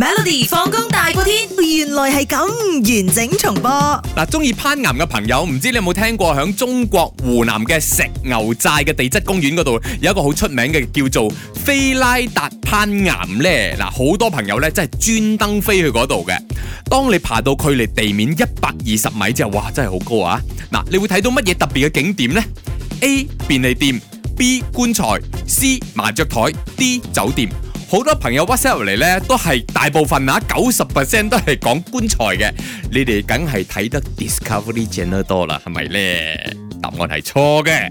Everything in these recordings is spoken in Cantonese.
Melody 放工大過天，原來係咁完整重播。嗱、啊，中意攀岩嘅朋友，唔知你有冇聽過響中國湖南嘅石牛寨嘅地質公園嗰度，有一個好出名嘅叫做菲拉達攀岩呢，嗱，好、啊、多朋友咧真係專登飛去嗰度嘅。當你爬到距離地面一百二十米之後，哇，真係好高啊！嗱、啊，你會睇到乜嘢特別嘅景點呢？A 便利店，B 棺材，C 麻雀台，D 酒店。好多朋友 WhatsApp 入嚟咧，都係大部分啊，九十 percent 都係講棺材嘅。你哋梗係睇得 Discovery 正得多啦，係咪咧？答案係錯嘅，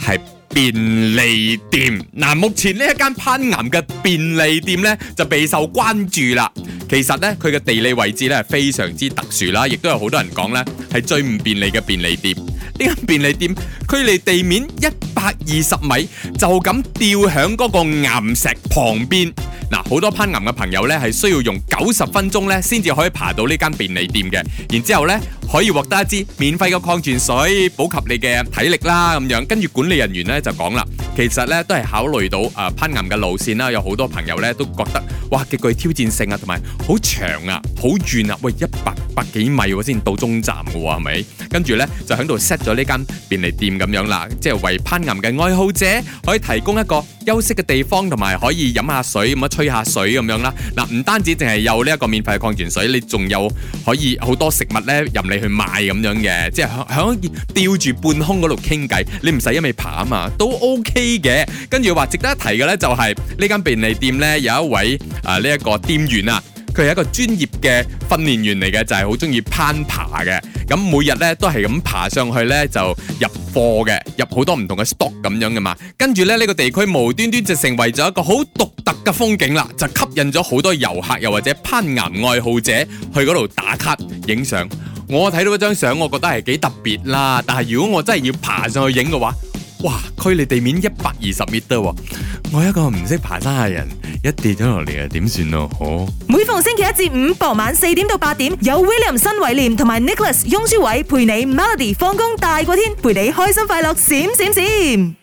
係便利店。嗱，目前呢一間攀岩嘅便利店咧，就備受關注啦。其實咧，佢嘅地理位置咧，係非常之特殊啦，亦都有好多人講咧，係最唔便利嘅便利店。呢間便利店，距離地面一百二十米，就咁吊響嗰個岩石旁邊。嗱、啊，好多攀岩嘅朋友呢，係需要用九十分鐘咧，先至可以爬到呢間便利店嘅。然之後咧，可以獲得一支免費嘅礦泉水，補給你嘅體力啦。咁樣，跟住管理人員呢就講啦，其實呢，都係考慮到啊攀岩嘅路線啦，有好多朋友呢，都覺得，哇，極具挑戰性啊，同埋好長啊，好遠啊，喂，一百百幾米我、啊、先到中站嘅、啊、喎，係咪？跟住呢，就喺度 set 咗呢間便利店。咁樣啦，即係為攀岩嘅愛好者可以提供一個休息嘅地方，同埋可以飲下水，咁啊吹下水咁樣啦。嗱、啊，唔單止淨係有呢一個免費嘅礦泉水，你仲有可以好多食物呢任你去買咁樣嘅，即係響吊住半空嗰度傾偈，你唔使一味爬啊嘛，都 OK 嘅。跟住話值得一提嘅呢，就係呢間便利店呢，有一位啊呢一個店員啊。佢係一個專業嘅訓練員嚟嘅，就係好中意攀爬嘅。咁每日咧都係咁爬上去咧，就入貨嘅，入好多唔同嘅 stock 咁樣嘅嘛。跟住咧呢、這個地區無端端就成為咗一個好獨特嘅風景啦，就吸引咗好多遊客又或者攀岩愛好者去嗰度打卡影相。我睇到一張相，我覺得係幾特別啦。但係如果我真係要爬上去影嘅話，哇！距離地面一百二十米 e 喎。我一個唔識爬山嘅人，一跌咗落嚟啊，點算咯？好！每逢星期一至五傍晚四點到八點，有 William 新偉廉同埋 Nicholas 翁舒偉陪你 Melody 放工大過天，陪你開心快樂閃閃閃，閃閃閃。